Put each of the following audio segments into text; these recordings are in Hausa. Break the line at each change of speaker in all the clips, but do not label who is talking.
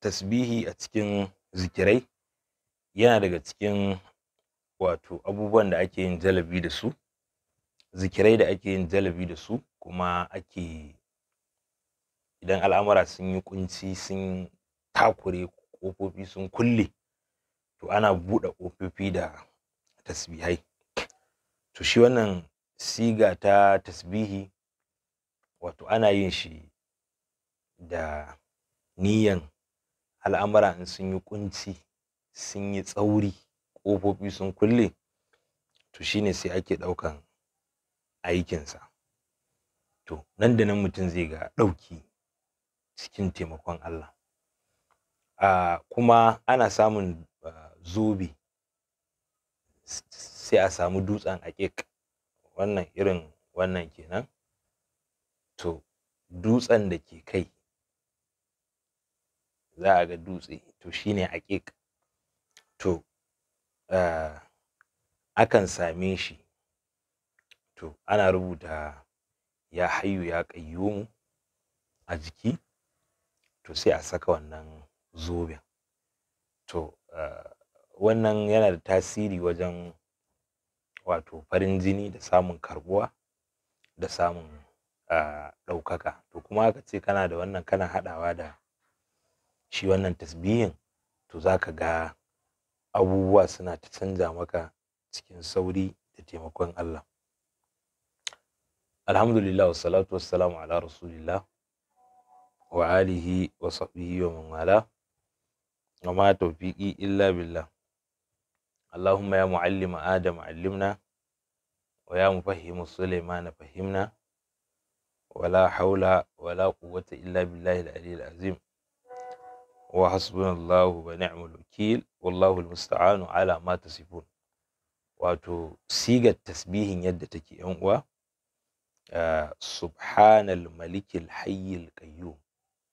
tasbihi a cikin zikirai yana daga cikin wato abubuwan da ake yin jalabi da su zikirai da ake yin jalabi da su kuma ake idan al'amura sun yi kunci sun takure ƙofofi sun kulle to ana buɗe ƙofofi da tasbihai to shi wannan siga ta tasbihi wato ana yin shi da niyan al'amura in sun yi kunci sun yi tsauri ƙofofi sun kulle to shine sai ake ɗaukan aikinsa to nan da nan mutum zai ga ɗauki cikin taimakon Allah uh, kuma ana samun zobe sai a samu dutsen aƙiƙ wannan irin wannan kenan to dutsen da ke kai za a ga dutse to shine aqiq to eh, akan same shi to ana rubuta ya hayu ya ƙayyumu a jiki to sai a saka wannan zoben to eh, wannan yana da tasiri wajen wato farin jini da samun karbuwa da samun eh, ɗaukaka to kuma aka ce kana da wannan kana haɗawa da shi wannan tasbihin to za ka ga abubuwa suna ta canza maka cikin sauri da taimakon Allah alhamdulillah wassalatu wassalamu ala rasulillah wa alihi wa sahbihi wa man wala wa ma tawfiqi illa billah اللهم يا معلم آدم علمنا ويا مفهم سليمان فهمنا ولا حول ولا قوة إلا بالله العلي العظيم wa hasbunallahu wa ni'mal wakil wallahu almusta'anu ala ma tasifun wato sigar tasbihin yadda take yan uwa subhanal malikil hayyil qayyum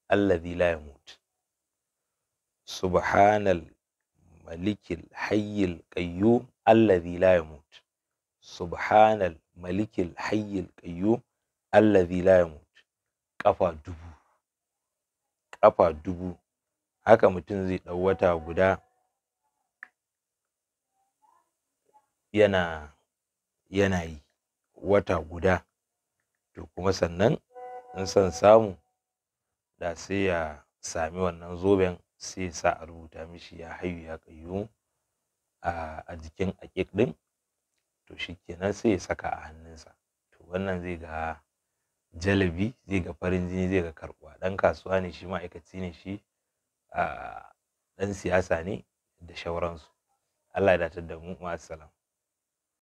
alladhi la yamut subhanal malikil hayyil qayyum alladhi la yamut subhanal malikil hayyil qayyum alladhi la yamut kafa dubu dubu haka mutum zai ɗau wata guda yana yana yi wata guda to kuma sannan in son samu da sai ya sami wannan zoben sai ya sa a rubuta mishi ya hayu ya kayyumu a jikin aƙiƙ ɗin to kenan sai ya saka a hannunsa to wannan zai ga jalabi zai ga farin jini zai ga karɓuwa ɗan kasuwa ne shi ma'aikaci ne shi ɗan siyasa ne da shauransu Allah ya datar da mu ma'asalam